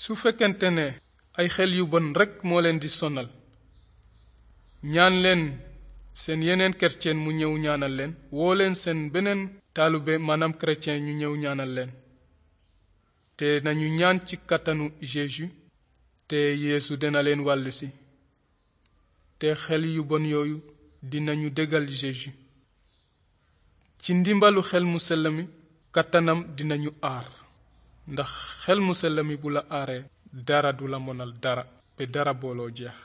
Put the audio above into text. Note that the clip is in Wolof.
su fekkente ne ay xel yu bon rekk moo leen di sonal ñaan leen seen yeneen chrétien mu ñëw ñaanal leen woo leen seen beneen taalube maanaam chrétien ñu ñëw ñaanal leen te nañu ñaan ci kattanu Jésus te yéesu dina leen wàllu si te xel yu bon yooyu dinañu déggal Jésus ci ndimbalu xel mu sell kattanam dinañu aar ndax xel mu sell mi bu la aaree dara du la mënal dara ba dara booloo jeex